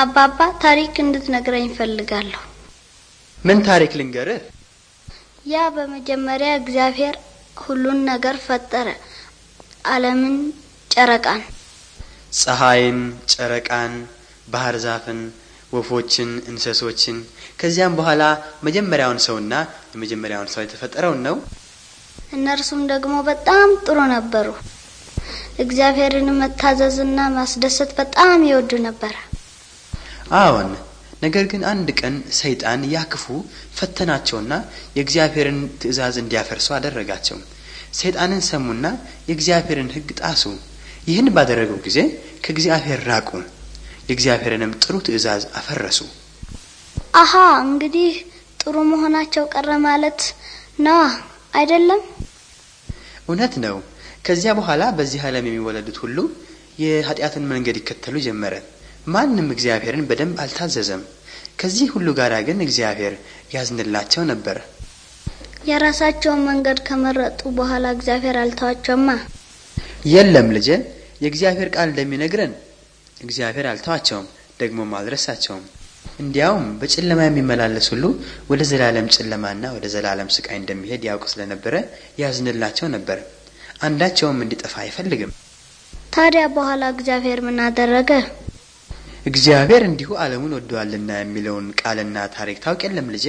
አባባ ታሪክ እንድትነግረኝ እፈልጋለሁ። ምን ታሪክ ልንገርህ? ያ በመጀመሪያ እግዚአብሔር ሁሉን ነገር ፈጠረ፣ ዓለምን፣ ጨረቃን፣ ፀሐይን፣ ጨረቃን፣ ባህር ዛፍን፣ ወፎችን፣ እንስሶችን። ከዚያም በኋላ መጀመሪያውን ሰውና የመጀመሪያውን ሰው የተፈጠረውን ነው። እነርሱም ደግሞ በጣም ጥሩ ነበሩ። እግዚአብሔርን መታዘዝና ማስደሰት በጣም ይወዱ ነበር። አዎን ነገር ግን አንድ ቀን ሰይጣን ያክፉ ፈተናቸውና የእግዚአብሔርን ትእዛዝ እንዲያፈርሱ አደረጋቸው ሰይጣንን ሰሙና የእግዚአብሔርን ህግ ጣሱ ይህን ባደረገው ጊዜ ከእግዚአብሔር ራቁ የእግዚአብሔርንም ጥሩ ትእዛዝ አፈረሱ አሀ እንግዲህ ጥሩ መሆናቸው ቀረ ማለት ነዋ አይደለም እውነት ነው ከዚያ በኋላ በዚህ ዓለም የሚወለዱት ሁሉ የኃጢአትን መንገድ ይከተሉ ጀመረ ማንም እግዚአብሔርን በደንብ አልታዘዘም። ከዚህ ሁሉ ጋር ግን እግዚአብሔር ያዝንላቸው ነበር። የራሳቸውን መንገድ ከመረጡ በኋላ እግዚአብሔር አልተዋቸውማ። የለም ልጄ፣ የእግዚአብሔር ቃል እንደሚነግረን እግዚአብሔር አልተዋቸውም፣ ደግሞ አልረሳቸውም። እንዲያውም በጨለማ የሚመላለስ ሁሉ ወደ ዘላለም ጨለማና ወደ ዘላለም ስቃይ እንደሚሄድ ያውቅ ስለነበረ ያዝንላቸው ነበር። አንዳቸውም እንዲጠፋ አይፈልግም። ታዲያ በኋላ እግዚአብሔር ምን አደረገ? እግዚአብሔር እንዲሁ ዓለሙን ወደዋልና የሚለውን ቃልና ታሪክ ታውቅ የለም ልጄ?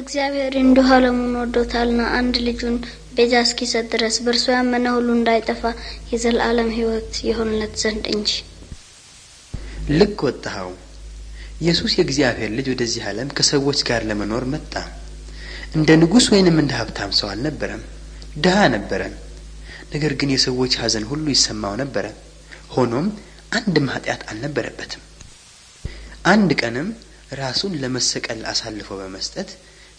እግዚአብሔር እንዲሁ ዓለሙን ወዶታልና አንድ ልጁን ቤዛ እስኪሰጥ ድረስ በእርሱ ያመነ ሁሉ እንዳይጠፋ የዘላለም ሕይወት የሆንለት ዘንድ እንጂ። ልክ ወጣኸው። ኢየሱስ የእግዚአብሔር ልጅ ወደዚህ ዓለም ከሰዎች ጋር ለመኖር መጣ። እንደ ንጉሥ ወይንም እንደ ሀብታም ሰው አልነበረም። ድሃ ነበረ። ነገር ግን የሰዎች ሐዘን ሁሉ ይሰማው ነበረ። ሆኖም አንድም ኃጢአት አልነበረበትም። አንድ ቀንም ራሱን ለመሰቀል አሳልፎ በመስጠት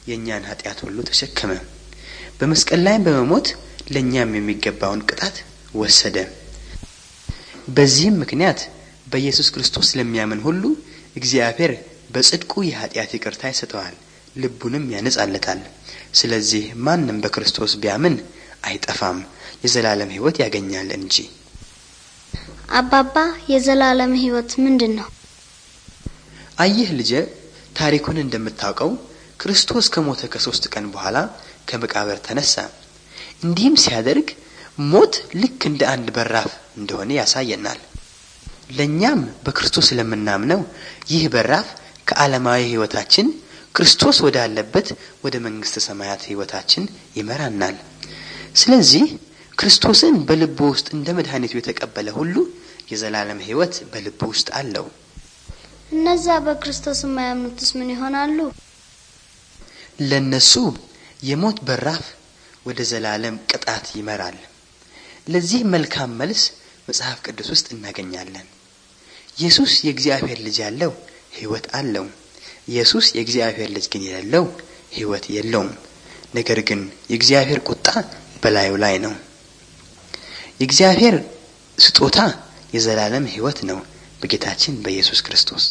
የእኛን ኃጢአት ሁሉ ተሸከመ። በመስቀል ላይ በመሞት ለእኛም የሚገባውን ቅጣት ወሰደ። በዚህም ምክንያት በኢየሱስ ክርስቶስ ለሚያምን ሁሉ እግዚአብሔር በጽድቁ የኃጢአት ይቅርታ ይሰጠዋል፣ ልቡንም ያነጻለታል። ስለዚህ ማንም በክርስቶስ ቢያምን አይጠፋም፣ የዘላለም ህይወት ያገኛል እንጂ አባባ የዘላለም ህይወት ምንድን ነው? አየህ ልጄ፣ ታሪኩን እንደምታውቀው ክርስቶስ ከሞተ ከሶስት ቀን በኋላ ከመቃብር ተነሳ። እንዲህም ሲያደርግ ሞት ልክ እንደ አንድ በራፍ እንደሆነ ያሳየናል። ለእኛም በክርስቶስ ለምናምነው ይህ በራፍ ከዓለማዊ ህይወታችን ክርስቶስ ወዳለበት ወደ መንግስተ ሰማያት ህይወታችን ይመራናል። ስለዚህ ክርስቶስን በልቦ ውስጥ እንደ መድኃኒቱ የተቀበለ ሁሉ የዘላለም ህይወት በልብ ውስጥ አለው። እነዛ በክርስቶስ የማያምኑትስ ምን ይሆናሉ? ለነሱ የሞት በራፍ ወደ ዘላለም ቅጣት ይመራል። ለዚህ መልካም መልስ መጽሐፍ ቅዱስ ውስጥ እናገኛለን። ኢየሱስ የእግዚአብሔር ልጅ ያለው ህይወት አለው። ኢየሱስ የእግዚአብሔር ልጅ ግን የሌለው ህይወት የለውም። ነገር ግን የእግዚአብሔር ቁጣ በላዩ ላይ ነው። የእግዚአብሔር ስጦታ የዘላለም ሕይወት ነው በጌታችን በኢየሱስ ክርስቶስ